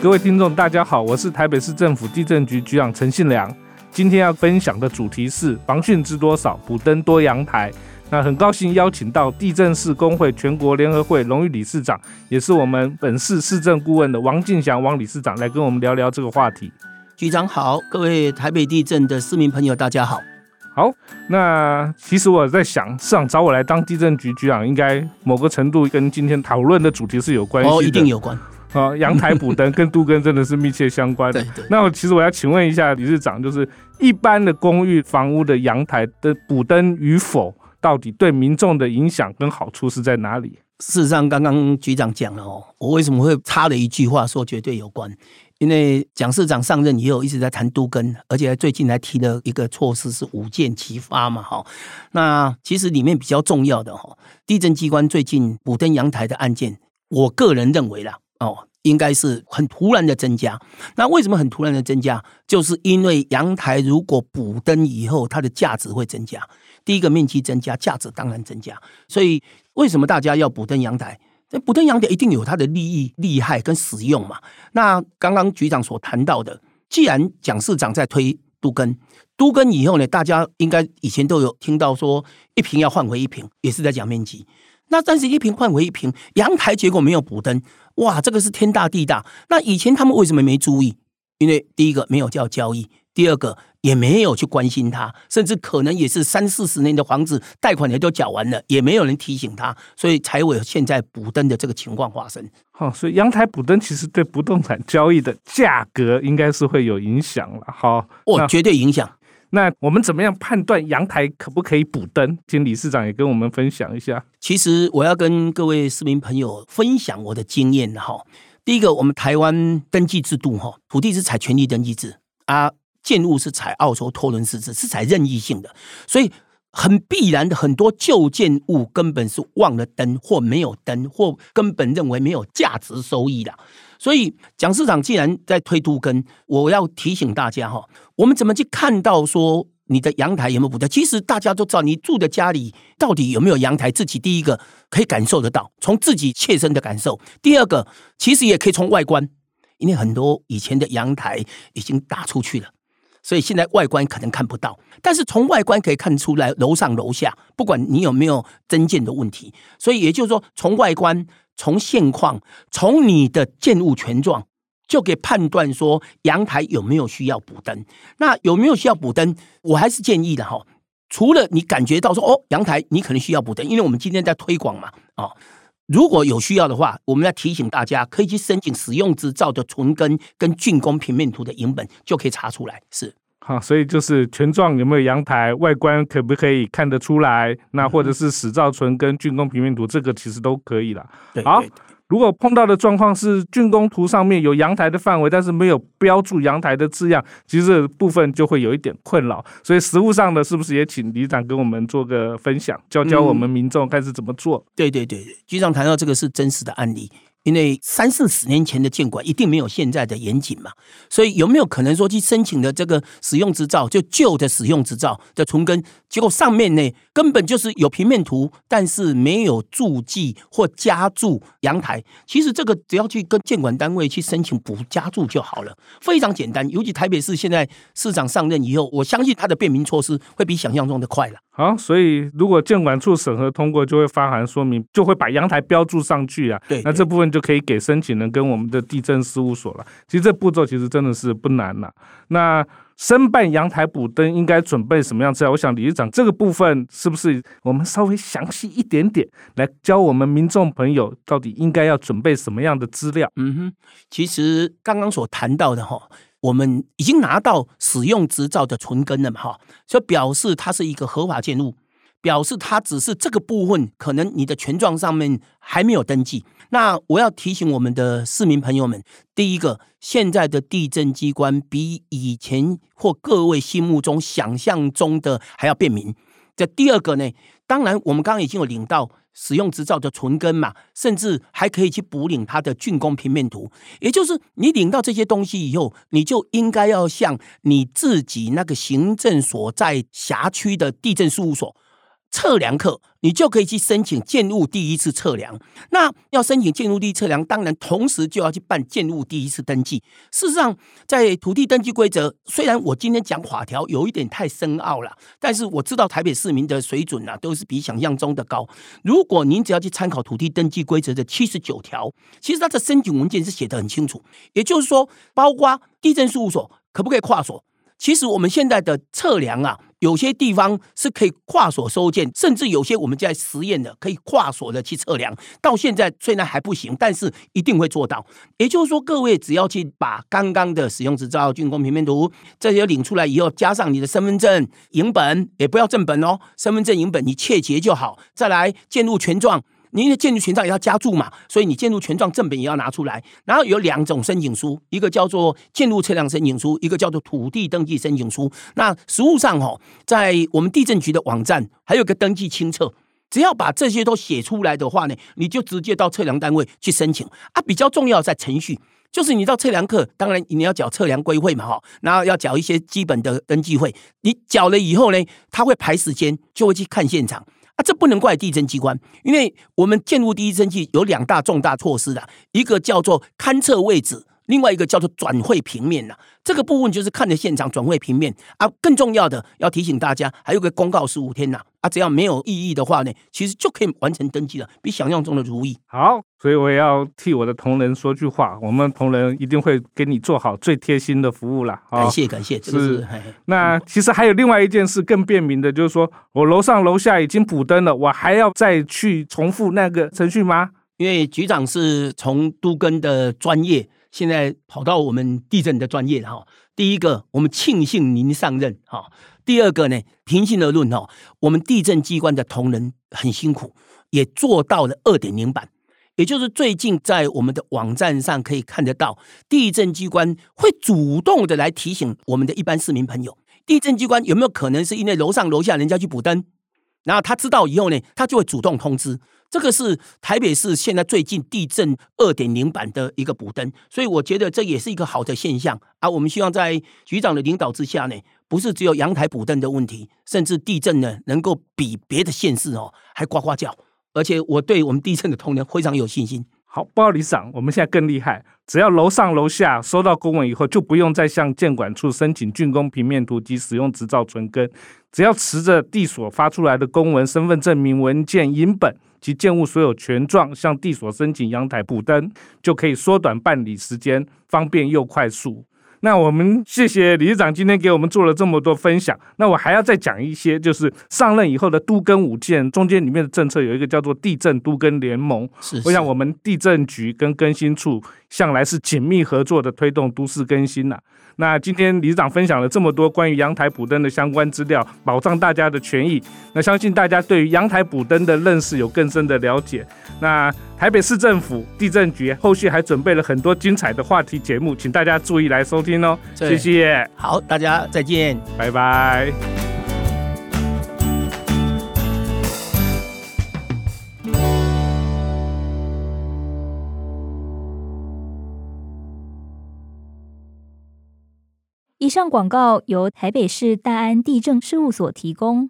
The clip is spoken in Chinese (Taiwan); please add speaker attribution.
Speaker 1: 各位聽眾，大家好，我是台北市政府地政局局長陳信良。今天要分享的主題是“防汛知多少，補登多陽台”。那很高興邀請到地政士公會全國聯合會榮譽理事長，也是我們本市市政顧問的王進祥王理事長來跟我們聊聊這個話題。局長好，各位台北地政的市民朋友，大家好。好，那其實我在想，市長找我來當地政局局長，應該某個程度跟今天討論的主題是有關係的，哦，一定有關。啊，陽台補登跟都更真的是密切相關的。 對對對那我其實我要請問一下理事長，就是一般的公寓房屋的陽台的補登與否，到底對民眾的影響跟好處是在哪裡？事實上，剛剛
Speaker 2: 局長講了哦，我為什麼會插了一句話說絕對有關？因為蔣市長上任以後一直在談都更，而且最近還提了一個措施是五箭齊發嘛，哈。那其實裡面比較重要的哈，地政機關最近補登陽台的案件，我個人認為啦。哦，應該是很突然的增加。那為什麼很突然的增加？就是因為陽臺如果補登以後，它的價值會增加。第一個面積增加，價值當然增加。所以為什麼大家要補登陽臺？補登陽臺一定有它的利益、利害跟使用嘛。那剛剛局長所談到的，既然蔣市長在推都更，都更以後呢，大家應該以前都有聽到說，一坪要換回一坪，也是在講面積。那但是，一平換為一平，陽台結果沒有補登，哇，這個是天大地大。那以前他們為什麼沒注意？因為第一個沒有叫交易，第二個也沒有去關心他，甚至可能也是三四十年的房子，貸款也都繳完了，也沒有人提醒他，所以才會有現在補登的
Speaker 1: 這個情況發生。好、哦，所以陽台補登其實對不動產交易的價格應該是會有影響了。好，我、哦、絕對影響。那我們怎麼樣判斷陽台可不可以補登？請理事長也跟我們分享一下。其實我要跟各位市民朋友
Speaker 2: 分享我的經驗哈。第一個，我們台灣登記制度哈，土地是採權利登記制啊，建物是採澳洲托倫斯制，是採任意性的，所以。很必然的，很多舊建物根本是忘了登，或沒有登，或根本認為沒有價值收益的。所以，蔣市長既然在推都更，我要提醒大家哈，我們怎麼去看到說你的陽台有沒有補登？其實大家都知道，你住的家裡到底有沒有陽台，自己第一個可以感受得到，從自己切身的感受；第二個，其實也可以從外觀，因為很多以前的陽台已經打出去了。所以現在外觀可能看不到，但是從外觀可以看出來樓上樓下，不管你有沒有增建的問題，所以也就是說，從外觀、從現況、從你的建物權狀，就可以判斷說陽台有沒有需要補登。那有沒有需要補登？我還是建議的哈，除了你感覺到說哦，陽臺你可能需要補登，因為我們今天在推廣嘛，啊、哦。如果有需要的話，我們要提醒大家，可以去申請使用執照的存根跟竣工平面圖的影本，就可以查出來。是。
Speaker 1: 好，所以就是全狀有沒有陽臺，外觀可不可以看得出來？那或者是使照存跟竣工平面圖，這個其實都可以了、嗯。好。對對對如果碰到的狀況是竣工圖上面有陽臺的範圍，但是沒有標注陽臺的字樣，其實部分就會有一點困擾。所以實務上的是不是也請局長跟我們做個分享，教教我們民眾該是怎麼做？嗯、對對對，局長談到這個是真
Speaker 2: 實的案例。因為三四十年前的建管一定沒有現在的嚴謹嘛，所以有沒有可能說去申請的這個使用執照，就舊的使用執照的存根，結果上面呢根本就是有平面圖，但是沒有註記或加注陽台，其實這個只要去跟建管單位去申請補加注就好了，非常簡單。尤其台北市現在市長上任以後，我相信他的便民措施會比想象中的快了。
Speaker 1: 好、哦，所以如果建管處審核通過，就會發函說明，就會把陽台標註上去啊。那這部分就可以給申請人跟我們的地震事務所了。其實這步驟其實真的是不難了、啊。那申辦陽台補燈應該準備什麼樣資料？我想李局長這個部分是不是我們稍微詳細一點點來教我們民眾朋友到底應該要準備什麼樣的資料？嗯哼，其實剛剛所談到的哈。我
Speaker 2: 們已經拿到使用執照的存根了嘛，哈，所以表示它是一個合法建物，表示它只是這個部分可能你的權狀上面還沒有登記。那我要提醒我們的市民朋友們，第一個，現在的地政機關比以前或各位心目中想象中的還要便民。這第二個呢，當然我們剛剛已經有領到。使用執照的存根嘛，甚至還可以去補領它的竣工平面圖。也就是你領到這些東西以後，你就應該要向你自己那個行政所在轄區的地政事務所測量課。你就可以去申請建物第一次測量。那要申請建物第一次測量，當然同時就要去辦建物第一次登記。事實上，在土地登記規則，雖然我今天講法條有一點太深奧了，但是我知道台北市民的水準啊，都是比想象中的高。如果您只要去參考土地登記規則的七十九條，其實它的申請文件是寫得很清楚。也就是說，包括地政事務所可不可以跨所？其實我們現在的測量啊。有些地方是可以跨所收件，甚至有些我們在實驗的可以跨所的去測量。到現在雖然還不行，但是一定會做到。也就是說，各位只要去把剛剛的使用執照、竣工平面圖這些領出來以後，加上你的身份證影本，也不要正本哦，身份證影本你切結就好，再來建築權狀，你的建築權狀也要加注嘛，所以你建築權狀正本也要拿出來。然後有兩種申請書，一個叫做建築測量申請書，一個叫做土地登記申請書。那實務上哈、哦，在我們地政局的網站還有一個登記清冊，只要把這些都寫出來的話呢，你就直接到測量單位去申請啊。比較重要在程序，就是你到測量課，當然你要繳測量規費嘛哈，然後要繳一些基本的登記費。你繳了以後呢，他會排時間，就會去看現場。啊，這不能怪地政機關，因為我們建物第一登記有兩大重大措施的、啊，一個叫做勘測位置，另外一個叫做轉繪平面吶、啊。這個部分就是看着現場轉繪平面啊，更重要的要提醒大家，還有個公告十五天吶、啊。啊，只要沒有異議的話呢，其實就可以完成登記了，比想象中的容易。
Speaker 1: 好，所以我要替我的同仁說句話，我們同仁一定會給你做好最貼心的服務啦。感、哦、謝感謝，感謝是這是那、嗯、其實還有另外一件事更便民的，就是說我樓上樓下已經補登了，我還要再去重複那個程序嗎？因為局
Speaker 2: 長是從都更的專業。現在跑到我們地政的專業哈，第一個我們慶幸您上任哈，第二個呢，平心而論哈，我們地政機關的同仁很辛苦，也做到了二點零版，也就是最近在我們的網站上可以看得到，地政機關會主動的來提醒我們的一般市民朋友，地政機關有沒有可能是因為樓上樓下人家去補登，然後他知道以後呢，他就會主動通知。這個是台北市現在最近地政二點零版的一個補登，所以我覺得這也是一個好的現象啊。我們希望在局長的領導之下呢，不是只有陽台補登的問題，甚至地政呢能夠比別的縣市哦還呱呱叫，而且我對我們地政的同仁非常有信心。
Speaker 1: 好，報告理事長，我們現在更厲害，只要樓上樓下收到公文以後，就不用再向建管處申請竣工平面圖及使用執照存根，只要持着地所發出來的公文、身份證明文件影本及建物所有權狀，向地所申請陽台補登，就可以縮短辦理時間，方便又快速。那我們謝謝理事長今天給我們做了這麼多分享。那我還要再講一些，就是上任以後的都更五建中間裡面的政策，有一個叫做地政都更聯盟是是。我想我們地政局跟更新處。向來是緊密合作的推動都市更新吶、啊。那今天理事長分享了這麼多關於陽臺補登的相關資料，保障大家的權益。那相信大家對於陽臺補登的認識有更深的了解。那台北市政府地政局後續還準備了很多精彩的話題節目，請大家注意來收聽哦。謝謝。好，大家再見。拜拜。以上廣告由台北市大安地政事務所提供。